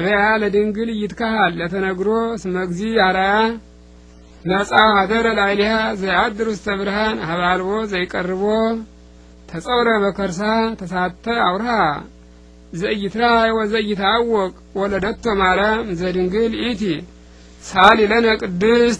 እበያ ለድንግል ይትካሃል ለተነግሮ ስመ እግዚ አርአያ ነጻ አደረ ላዕሊሃ ዘያድር ውስተ ብርሃን ሀባልቦ ዘይቀርቦ ተጸውረ በከርሳ ተሳተ አውርሃ ዘይትራይ ወዘይታወቅ ወለደቶ ማርያም ዘድንግል ኢቲ ሳሊ ለነ ቅድስት